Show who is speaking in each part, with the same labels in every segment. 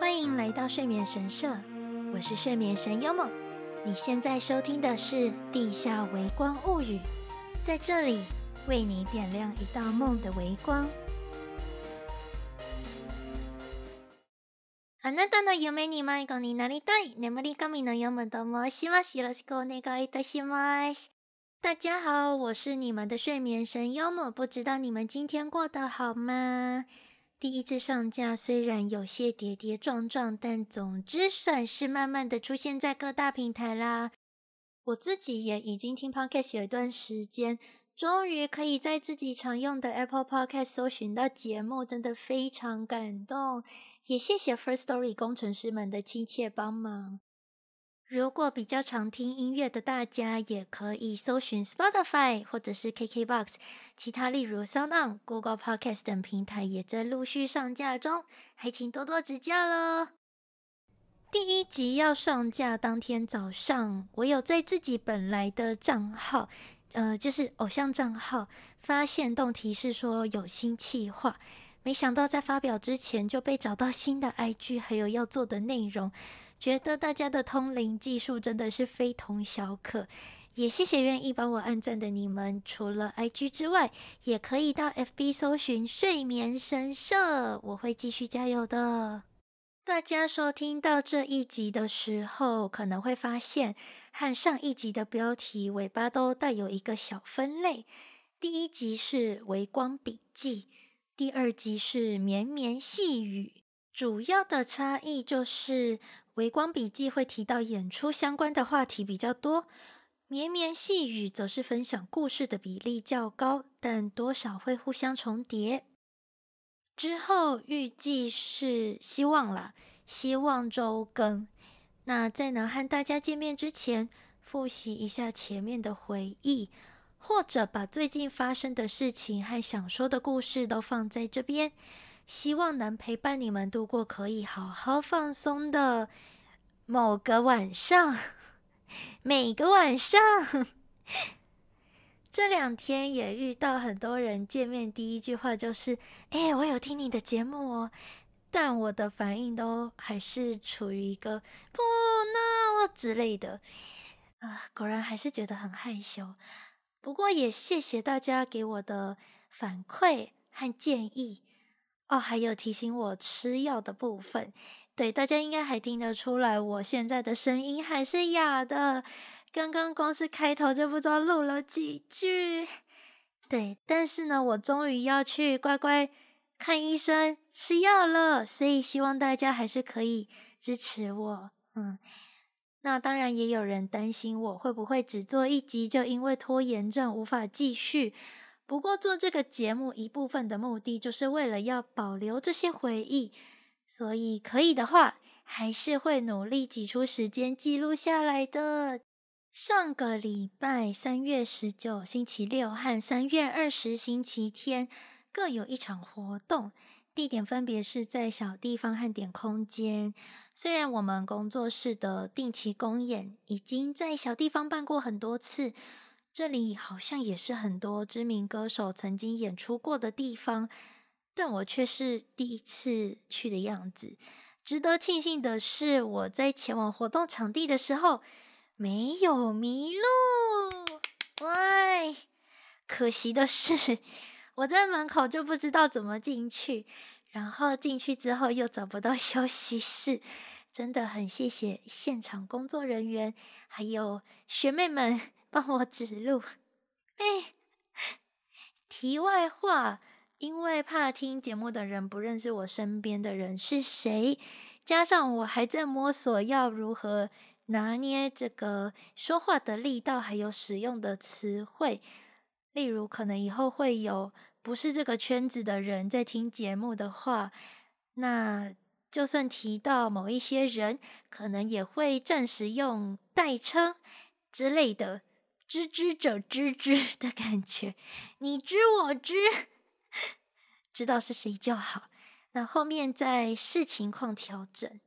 Speaker 1: 歡迎來到睡眠神社，我是睡眠神優夢。你現在收聽的是《地下微光物語》，在這裡為你點亮一道夢的微光。 大家好，我是你們的睡眠神優夢。不知道你們今天過得好嗎？第一次上架，雖然有些跌跌撞撞，但總之算是慢慢的出現在各大平台啦。我自己也已經聽 Podcast 有一段時間，終於可以在自己常用的 Apple Podcast 搜尋到節目，真的非常感動，也謝謝 Firstory 工程師們的親切幫忙。如果比較常聽音樂的大家，也可以搜尋 Spotify 或者是 KKBox，其他例如 SoundOn、Google Podcast 等平台也在陸續上架中，還請多多指教咯第一集要上架當天早上，我有在自己本來的賬號，呃，就是偶像賬號，發現動提示說有新企劃，沒想到在發表之前就被找到新的 IG，還有要做的內容。覺得大家的通靈技術真的是非同小可，也謝謝願意幫我按讚的你們。除了 IG 之外，也可以到 FB 搜尋“睡眠神社”，我會繼續加油的。大家收聽到這一集的時候，可能會發現和上一集的標題尾巴都帶有一個小分類。第一集是“微光筆記”，第二集是“眠眠戲語”，主要的差異就是，微光筆記會提到演出相關的話題比較多，眠眠戲語則是分享故事的比例較高，但多少會互相重疊。之後預計是希望了，希望周更。那在能和大家見面之前，複習一下前面的回憶，或者把最近發生的事情和想說的故事都放在這邊。希望能陪伴你們度過可以好好放鬆的某個晚上，每個晚上。 這兩天也遇到很多人見面，第一句話就是：“哎、欸，我有聽你的節目哦。”但我的反應都還是處於一個“不鬧、no!” 之類的。啊、呃，果然還是覺得很害羞。不過也謝謝大家給我的反饋和建議。哦，還有提醒我吃藥的部分。對，大家應該還聽得出來，我現在的聲音還是啞的。剛剛光是開頭就不知道錄了幾句。對，但是呢，我終於要去乖乖看醫生吃藥了，所以希望大家還是可以支持我。嗯，那當然也有人擔心我會不會只做一集就因為拖延症無法繼續。不過，做這個節目一部分的目的，就是為了要保留這些回憶，所以可以的話，還是會努力擠出時間記錄下來的。上個禮拜三月十九星期六和三月二十星期天，各有一場活動，地點分別是在小地方和點空間。雖然我們工作室的定期公演已經在小地方辦過很多次。這裡好像也是很多知名歌手曾經演出過的地方，但我卻是第一次去的樣子。值得慶幸的是，我在前往活動場地的時候沒有迷路。喂，可惜的是，我在門口就不知道怎麼進去，然後進去之後又找不到休息室。真的很謝謝現場工作人員，還有學妹們。幫我指路。哎、欸，題外話，因為怕聽節目的人不認識我身邊的人是誰，加上我還在摸索要如何拿捏這個說話的力道，還有使用的詞彙。例如，可能以後會有不是這個圈子的人在聽節目的話，那就算提到某一些人，可能也會暫時用代稱之類的。知之者知之的感覺，你知我知， 知道是誰就好。那後面再視情況調整。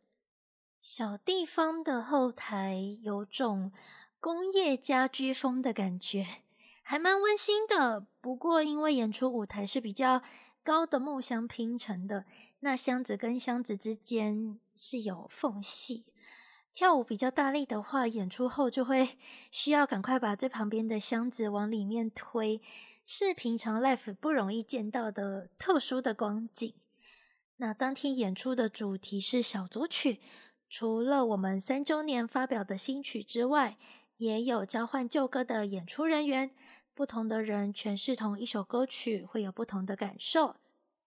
Speaker 1: 小地方的後台有種工業家居風的感覺，還蠻溫馨的。不過因為演出舞台是比較高的木箱拼成的，那箱子跟箱子之間是有縫隙。跳舞比較大力的話，演出後就會需要趕快把最旁邊的箱子往裡面推，是平常 live 不容易見到的特殊的光景。那當天演出的主題是小組曲，除了我們三周年發表的新曲之外，也有交換舊歌的演出人員，不同的人詮釋同一首歌曲會有不同的感受，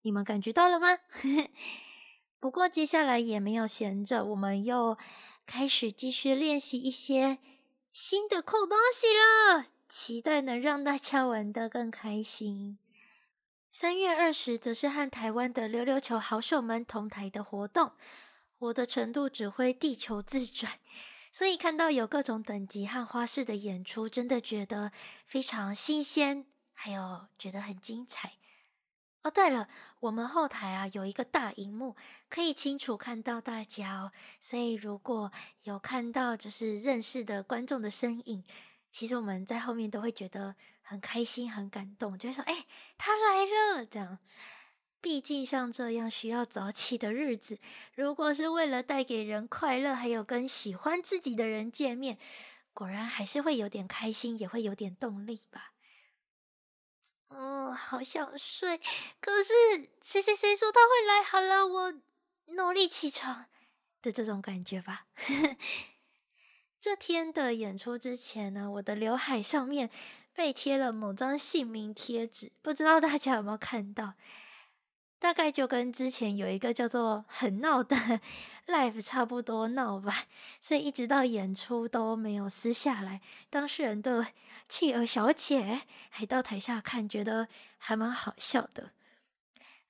Speaker 1: 你們感覺到了嗎？ 不過接下來也沒有閒着，我們又。開始繼續練習一些新的酷東西了，期待能讓大家玩得更開心。三月二十則是和台灣的溜溜球好手們同台的活動，我的程度只會地球自轉，所以看到有各種等級和花式的演出，真的覺得非常新鮮，還有覺得很精彩。哦，對了，我們後台啊有一個大熒幕，可以清楚看到大家哦。所以如果有看到就是認識的觀眾的身影，其實我們在後面都會覺得很開心、很感動，就會說：“哎，他來了。”這樣。畢竟像這樣需要早起的日子，如果是為了帶給人快樂，還有跟喜歡自己的人見面，果然還是會有點開心，也會有點動力吧。嗯、呃，好想睡，可是誰誰誰說他會來？好了，我努力起床的這種感覺吧。 這天的演出之前呢，我的劉海上面被貼了某張姓名貼紙，不知道大家有沒有看到。大概就跟之前有一個叫做很鬧的 l i f e 差不多鬧吧，所以一直到演出都沒有撕下來。當事人的企鵝小姐還到台下看，覺得還蠻好笑的。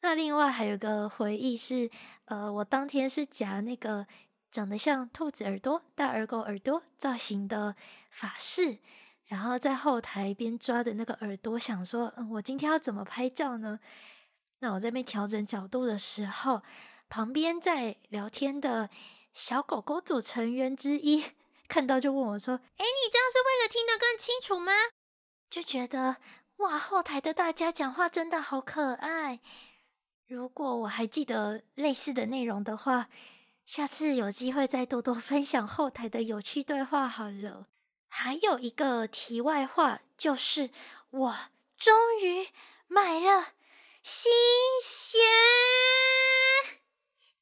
Speaker 1: 那另外還有一個回憶是，呃，我當天是夾那個長得像兔子耳朵、大耳狗耳朵造型的髮飾，然後在後台邊抓着那個耳朵，想說，嗯，我今天要怎麼拍照呢？那我在邊調整角度的時候，旁邊在聊天的小狗狗組成員之一看到就問我說：“欸，你這樣是為了聽得更清楚嗎？”就覺得哇，後台的大家講話真的好可愛。如果我還記得類似的內容的話，下次有機會再多多分享後台的有趣對話好了。還有一個題外話，就是我終於買了。新鞋，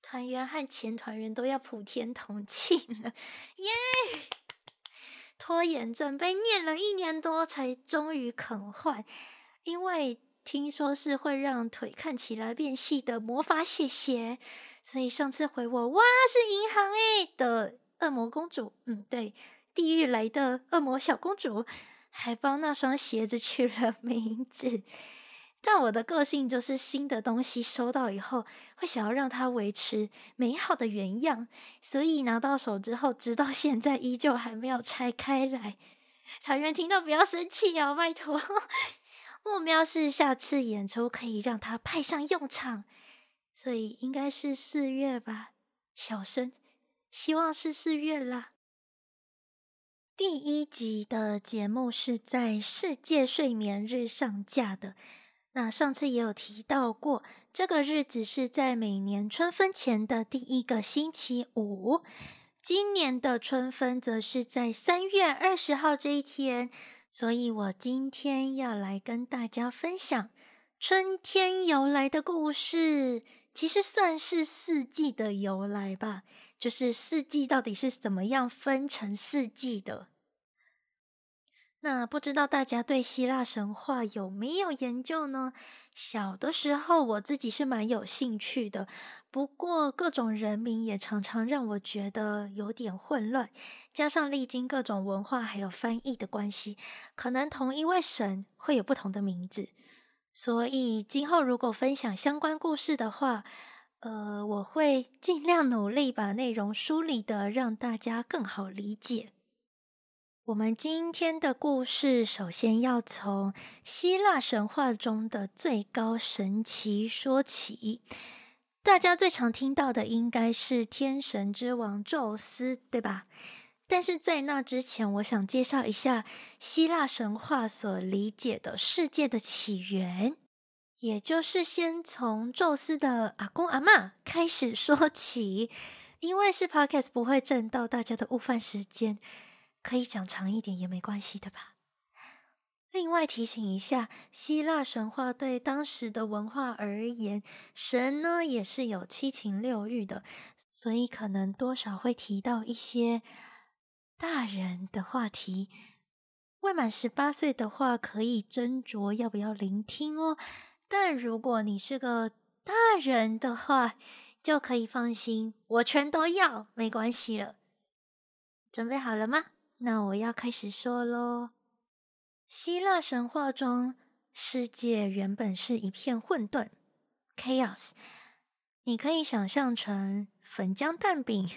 Speaker 1: 團員和前團員都要普天同慶了，耶！拖延症被念了一年多，才終於肯換，因為聽說是會讓腿看起來變細的魔法鞋鞋，所以上次回我，哇，是銀行、欸、的惡魔公主，嗯，對，地獄來的惡魔小公主，還幫那雙鞋子取了名字。但我的個性就是新的東西收到以後，會想要讓它維持美好的原樣，所以拿到手之後，直到現在依舊還沒有拆開來。常人聽到不要生氣啊，拜託。目標是下次演出可以讓它派上用場，所以應該是四月吧。小聲希望是四月啦。第一集的節目是在世界睡眠日上架的。那上次也有提到過，這個日子是在每年春分前的第一個星期五。今年的春分則是在三月二十號這一天，所以我今天要來跟大家分享春天由來的故事，其實算是四季的由來吧，就是四季到底是怎麼樣分成四季的。那不知道大家對希臘神話有沒有研究呢？小的時候我自己是蠻有興趣的，不過各種人名也常常讓我覺得有點混亂，加上歷經各種文化還有翻譯的關係，可能同一位神會有不同的名字。所以今後如果分享相關故事的話，呃，我會儘量努力把內容梳理得讓大家更好理解。我們今天的故事，首先要從希臘神話中的最高神祇說起。大家最常聽到的應該是天神之王宙斯，對吧？但是在那之前，我想介紹一下希臘神話所理解的世界的起源，也就是先從宙斯的阿公阿嬤開始說起。因為是 podcast，不會占到大家的午飯時間。可以講長一點也沒關係，對吧？另外提醒一下，希臘神話對當時的文化而言，神呢也是有七情六慾的，所以可能多少會提到一些大人的話題。未滿十八歲的話，可以斟酌要不要聆聽哦。但如果你是個大人的話，就可以放心，我全都要，沒關係了。準備好了嗎？那我要開始說嘍。希臘神話中，世界原本是一片混沌 （chaos），你可以想象成粉漿蛋餅，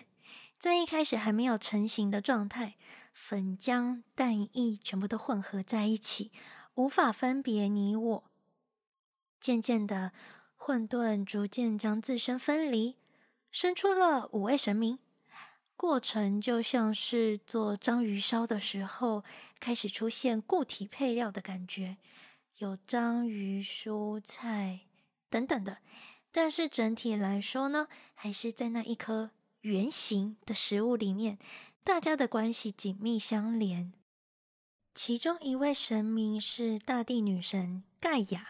Speaker 1: 在一開始還沒有成型的狀態，粉漿、蛋液全部都混合在一起，無法分別你我。漸漸的，混沌逐漸將自身分離，生出了五位神明。過程就像是做章魚燒的時候，開始出現固體配料的感覺，有章魚、蔬菜等等的。但是整體來說呢，還是在那一顆圓形的食物裡面，大家的關係緊密相連。其中一位神明是大地女神蓋亞。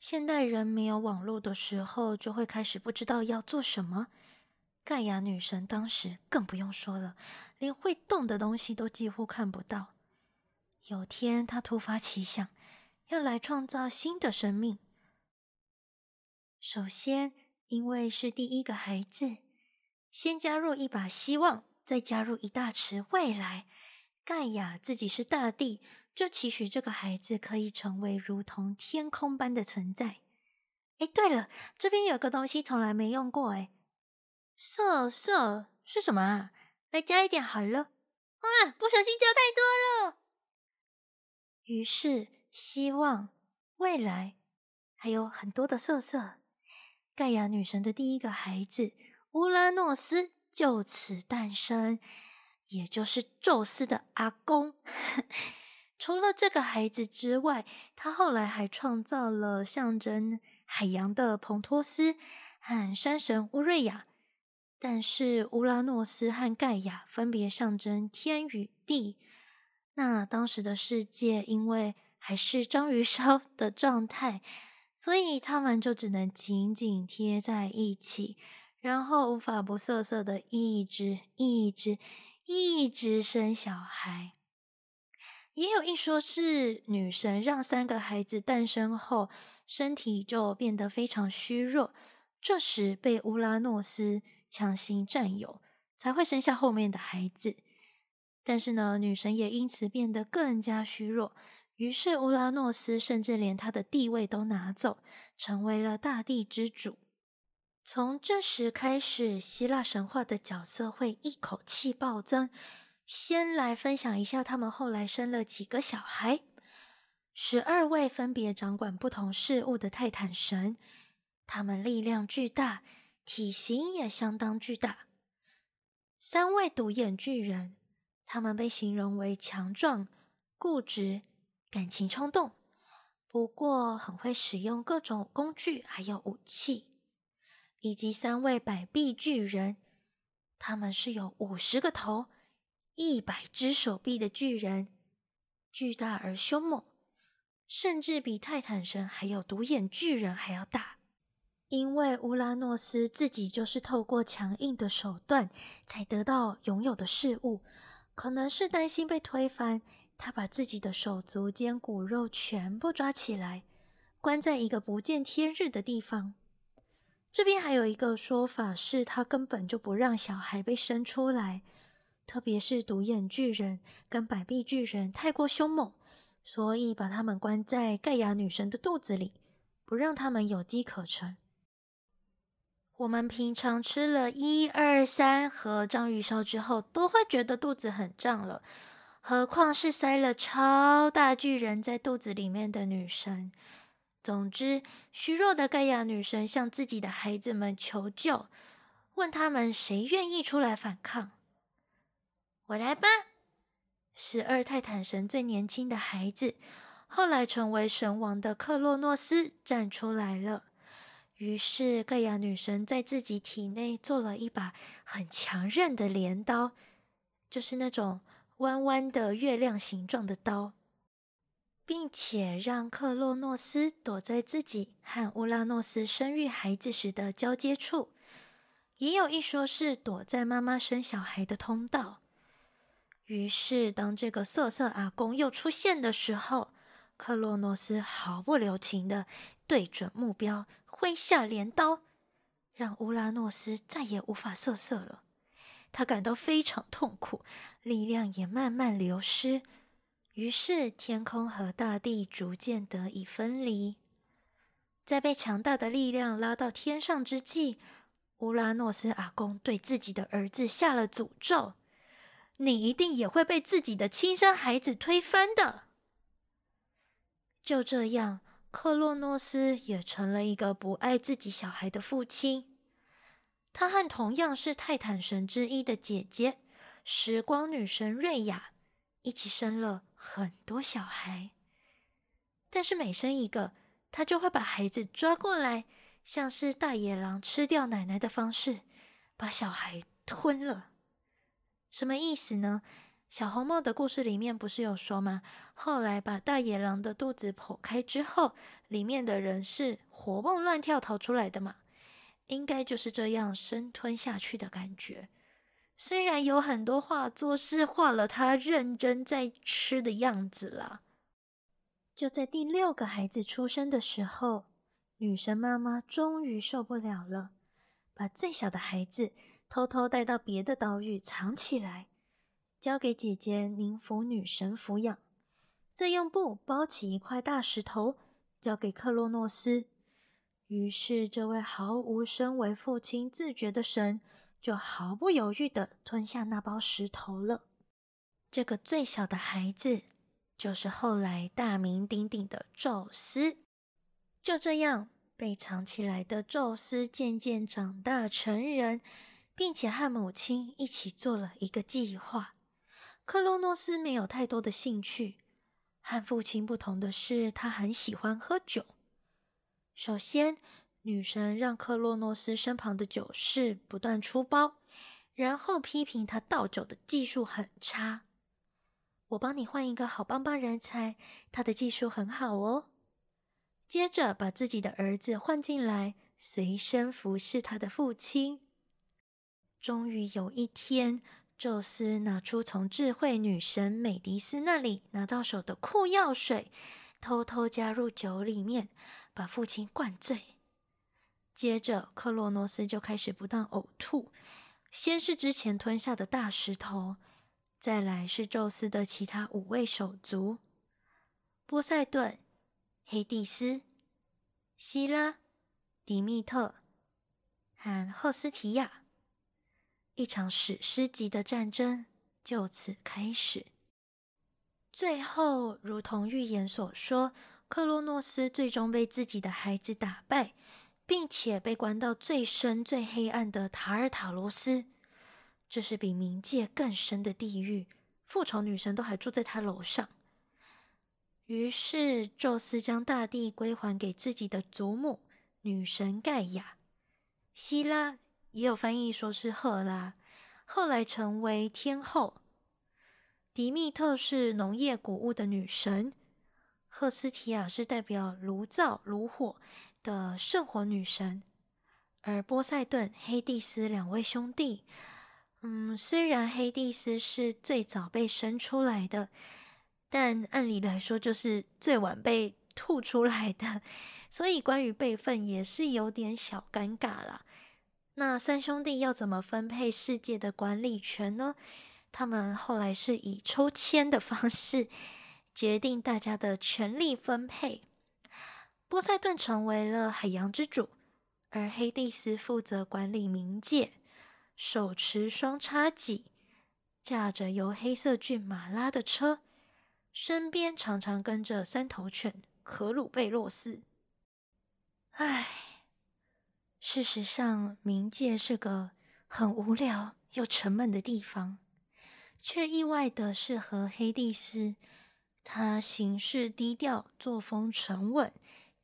Speaker 1: 現代人沒有網絡的時候，就會開始不知道要做什麼。蓋亞女神當時更不用說了，連會動的東西都幾乎看不到。有天，她突發奇想，要來創造新的生命。首先，因為是第一個孩子，先加入一把希望，再加入一大池未來。蓋亞自己是大地，就期許這個孩子可以成為如同天空般的存在。哎，對了，這邊有個東西從來沒用過誒，哎。色色是什麼啊？來加一點好了。哇、啊，不小心加太多了。於是，希望未來還有很多的色色。蓋亞女神的第一個孩子烏拉諾斯就此誕生，也就是宙斯的阿公。 除了這個孩子之外，他後來還創造了象徵海洋的蓬托斯和山神烏瑞亞。但是烏拉諾斯和蓋亞分別象徵天與地，那當時的世界因為還是章魚燒的狀態，所以他們就只能緊緊貼在一起，然後無法不瑟瑟的一直一直一直生小孩。也有一說是女神讓三個孩子誕生後，身體就變得非常虛弱，這時被烏拉諾斯。強行佔有，才會生下後面的孩子。但是呢，女神也因此變得更加虛弱。於是，烏拉諾斯甚至連他的地位都拿走，成為了大地之主。從這時開始，希臘神話的角色會一口氣暴增。先來分享一下他們後來生了幾個小孩：十二位分別掌管不同事物的泰坦神，他們力量巨大。體型也相當巨大。三位獨眼巨人，他們被形容為強壯、固執、感情衝動，不過很會使用各種工具還有武器。以及三位百臂巨人，他們是有五十個頭、一百隻手臂的巨人，巨大而兇猛，甚至比泰坦神還有獨眼巨人還要大。因為烏拉諾斯自己就是透過強硬的手段才得到擁有的事物，可能是擔心被推翻，他把自己的手足兼骨肉全部抓起來，關在一個不見天日的地方。這邊還有一個說法是，他根本就不讓小孩被生出來，特別是獨眼巨人跟百臂巨人太過兇猛，所以把他們關在蓋亞女神的肚子裡，不讓他們有機可乘。我們平常吃了一二三盒章魚燒之後，都會覺得肚子很脹了，何況是塞了超大巨人在肚子裡面的女神。總之，虛弱的蓋亞女神向自己的孩子們求救，問他們誰願意出來反抗。我來吧！十二泰坦神最年輕的孩子，後來成為神王的克洛諾斯站出來了。於是，蓋亞女神在自己體內做了一把很強韌的鐮刀，就是那種彎彎的月亮形狀的刀，並且讓克洛諾斯躲在自己和烏拉諾斯生育孩子時的交接處，也有一說是躲在媽媽生小孩的通道。於是，當這個瑟瑟阿公又出現的時候，克洛諾斯毫不留情的對準目標。揮下鐮刀，讓烏拉諾斯再也無法瑟瑟了。他感到非常痛苦，力量也慢慢流失。於是，天空和大地逐漸得以分離。在被強大的力量拉到天上之際，烏拉諾斯阿公對自己的兒子下了詛咒：“你一定也會被自己的親生孩子推翻的。”就這樣。克洛諾斯也成了一個不愛自己小孩的父親。他和同樣是泰坦神之一的姐姐時光女神瑞亞一起生了很多小孩，但是每生一個，他就會把孩子抓過來，像是大野狼吃掉奶奶的方式，把小孩吞了。什麼意思呢？小紅帽的故事裡面不是有說嗎？後來把大野狼的肚子剖開之後，裡面的人是活蹦亂跳逃出來的嘛？應該就是這樣生吞下去的感覺。雖然有很多畫作是畫了他認真在吃的樣子了。就在第六個孩子出生的時候，女神媽媽終於受不了了，把最小的孩子偷偷帶到別的島嶼藏起來。交給姐姐寧芙女神撫養，再用布包起一塊大石頭，交給克洛諾斯。於是，這位毫無身為父親自覺的神，就毫不猶豫地吞下那包石頭了。這個最小的孩子，就是後來大名鼎鼎的宙斯。就這樣，被藏起來的宙斯漸漸長大成人，並且和母親一起做了一個計劃。克洛諾斯沒有太多的興趣，和父親不同的是，他很喜歡喝酒。首先，女神讓克洛諾斯身旁的酒侍不斷出包，然後批評他倒酒的技術很差。我幫你換一個好幫幫人才，他的技術很好哦。接着，把自己的兒子換進來，隨身服侍他的父親。終於有一天。宙斯拿出從智慧女神美迪斯那裡拿到手的苦藥水，偷偷加入酒裡面，把父親灌醉。接着，克洛諾斯就開始不斷嘔吐，先是之前吞下的大石頭，再來是宙斯的其他五位手足——波塞頓、黑帝斯、希拉、迪密特和赫斯提亞。一場史詩級的戰爭就此開始。最後，如同預言所說，克洛諾斯最終被自己的孩子打敗，並且被關到最深、最黑暗的塔爾塔羅斯。這是比冥界更深的地獄，復仇女神都還住在他樓上。於是，宙斯將大地歸還給自己的祖母女神蓋亞、希拉。也有翻譯說是赫拉，後來成為天後。迪密特是農業穀物的女神，赫斯提亞是代表爐灶、爐火的聖火女神。而波塞頓、黑蒂斯兩位兄弟，嗯，雖然黑蒂斯是最早被生出來的，但按理來說就是最晚被吐出來的，所以關於輩分也是有點小尷尬啦。那三兄弟要怎麼分配世界的管理權呢？他們後來是以抽籤的方式決定大家的權力分配。波塞頓成為了海洋之主，而黑蒂斯負責管理冥界，手持雙叉戟，駕着由黑色駿馬拉的車，身邊常常跟着三頭犬克魯貝洛斯。唉。事實上，冥界是個很無聊又沉悶的地方，卻意外的適合黑帝斯。他行事低調，作風沉穩，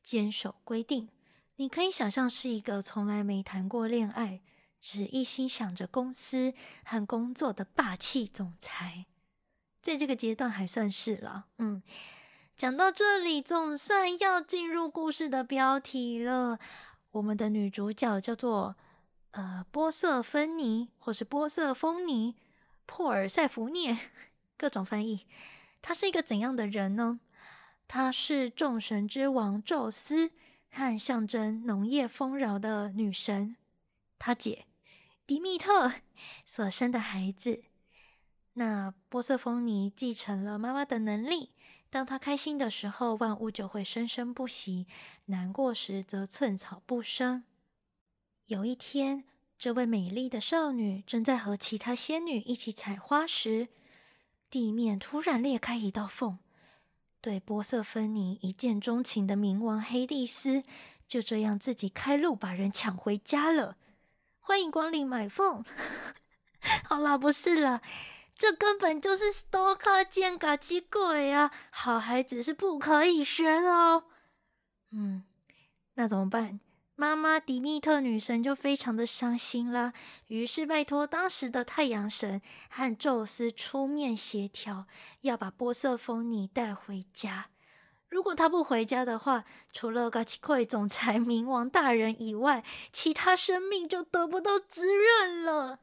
Speaker 1: 堅守規定。你可以想象，是一個從來沒談過戀愛，只一心想着公司和工作的霸氣總裁。在這個階段還算是了。嗯，講到這裡，總算要進入故事的標題了。我們的女主角叫做呃、波瑟芬妮，或是波瑟楓妮、珀爾塞弗涅，各種翻譯。她是一個怎樣的人呢？她是眾神之王宙斯和象徵農業豐饒的女神，她姐狄蜜特所生的孩子。那波瑟楓妮繼承了媽媽的能力。當他開心的時候，萬物就會生生不息；難過時，則寸草不生。有一天，這位美麗的少女正在和其他仙女一起採花時，地面突然裂開一道縫。對波瑟楓妮一見鍾情的冥王黑帝斯，就這樣自己開路，把人搶回家了。歡迎光臨買縫。 好啦，不是啦。這根本就是 stalker 見嘎七鬼呀！好孩子是不可以學的哦。嗯，那怎麼辦？媽媽狄蜜特女神就非常的傷心啦。於是拜託當時的太陽神和宙斯出面協調，要把波瑟楓妮帶回家。如果他不回家的話，除了嘎七鬼總裁冥王大人以外，其他生命就得不到滋潤了。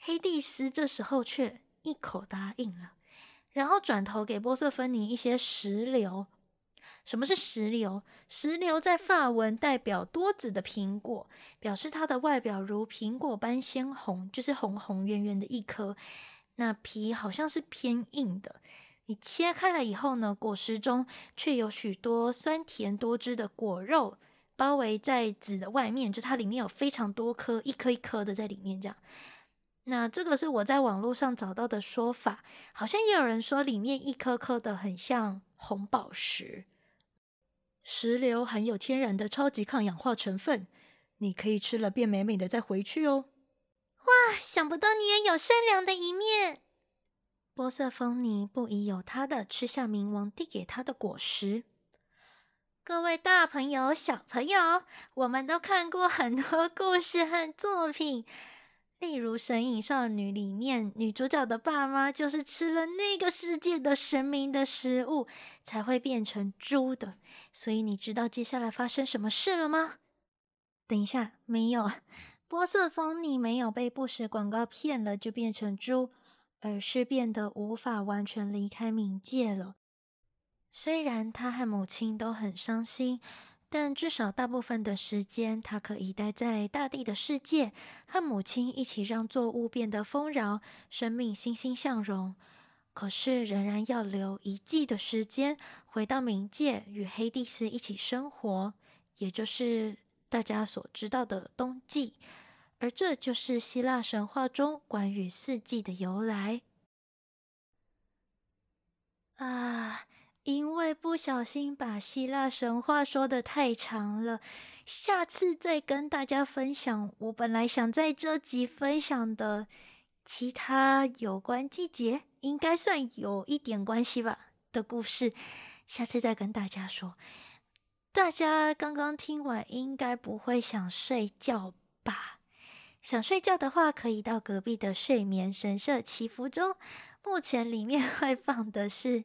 Speaker 1: 黑蒂斯這時候卻一口答應了，然後轉頭給波瑟楓妮一些石榴。什麼是石榴？石榴在法文代表多籽的蘋果，表示它的外表如蘋果般鮮紅，就是紅紅圓圓的一顆。那皮好像是偏硬的，你切開了以後呢，果實中卻有許多酸甜多汁的果肉包圍在籽的外面，就它裡面有非常多顆，一顆一顆的在裡面這樣。那這個是我在網絡上找到的說法，好像也有人說裡面一顆顆的很像紅寶石。石榴含有天然的超級抗氧化成分，你可以吃了變美美的再回去哦。哇，想不到你也有善良的一面。波瑟楓妮不疑有他地吃下冥王遞給他的果實。各位大朋友、小朋友，我們都看過很多故事和作品。例如《神隱少女》裡面，女主角的爸媽就是吃了那個世界的神明的食物，才會變成豬的。所以你知道接下來發生什麼事了嗎？等一下，沒有。波瑟楓妮沒有被不實廣告騙了就變成豬，而是變得無法完全離開冥界了。雖然他和母親都很傷心。但至少大部分的時間，他可以待在大地的世界，和母親一起讓作物變得豐饒，生命欣欣向榮。可是仍然要留一季的時間，回到冥界與黑帝斯一起生活，也就是大家所知道的冬季。而這就是希臘神話中關於四季的由來啊。Uh... 因為不小心把希臘神話說得太長了，下次再跟大家分享。我本來想在這集分享的其他有關季節，應該算有一點關係吧的故事，下次再跟大家說。大家剛剛聽完，應該不會想睡覺吧？想睡覺的話，可以到隔壁的睡眠神社祈福中。目前裡面會放的是。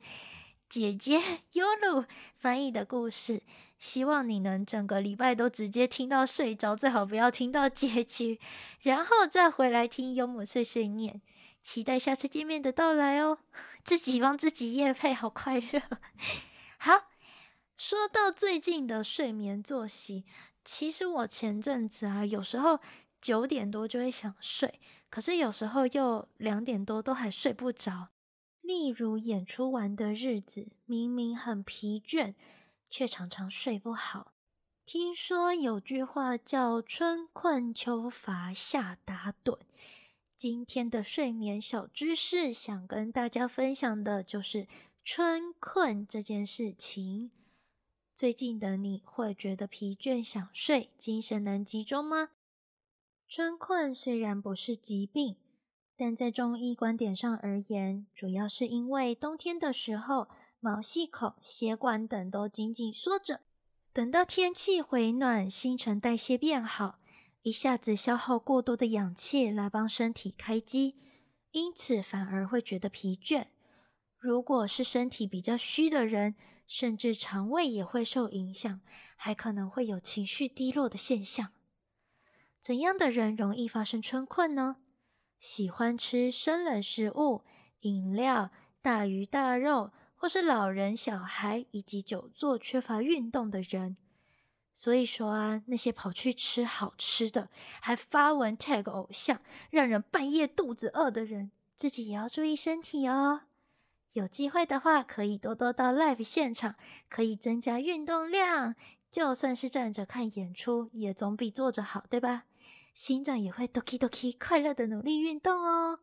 Speaker 1: 姐姐優露翻譯的故事，希望你能整個禮拜都直接聽到睡着，最好不要聽到結局，然後再回來聽幽默碎碎念。期待下次見面的到來哦。自己幫自己業配，好快樂。好，說到最近的睡眠作息，其實我前陣子啊，有時候九點多就會想睡，可是有時候又兩點多都還睡不着。例如演出完的日子，明明很疲倦，卻常常睡不好。聽說有句話叫“春困秋乏夏打盹”，今天的睡眠小知識想跟大家分享的就是春困這件事情。最近的你會覺得疲倦、想睡、精神難集中嗎？春困雖然不是疾病。但在中醫觀點上而言，主要是因為冬天的時候，毛細孔、血管等都緊緊縮着，等到天氣回暖，新陳代謝變好，一下子消耗過多的氧氣來幫身體開機，因此反而會覺得疲倦。如果是身體比較虛的人，甚至腸胃也會受影響，還可能會有情緒低落的現象。怎樣的人容易發生春困呢？喜歡吃生冷食物、飲料、大魚大肉，或是老人、小孩以及久坐缺乏運動的人。所以說啊，那些跑去吃好吃的，還發文 tag 偶像，讓人半夜肚子餓的人，自己也要注意身體哦。有機會的話，可以多多到 live 現場，可以增加運動量。就算是站着看演出，也總比坐着好，對吧？心臟也會ドキドキ快樂的努力運動哦。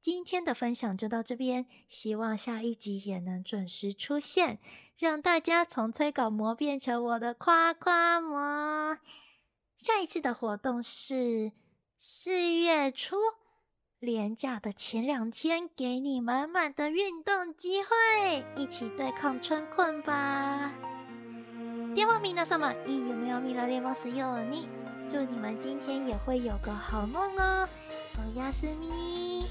Speaker 1: 今天的分享就到這邊，希望下一集也能準時出現，讓大家從催稿魔變成我的誇誇魔。下一次的活動是四月初連假的前兩天，給你滿滿的運動機會，一起對抗春困吧。電話名碼上面有沒有米拉列使用有你？祝你們今天也會有個好夢哦，おやすみ。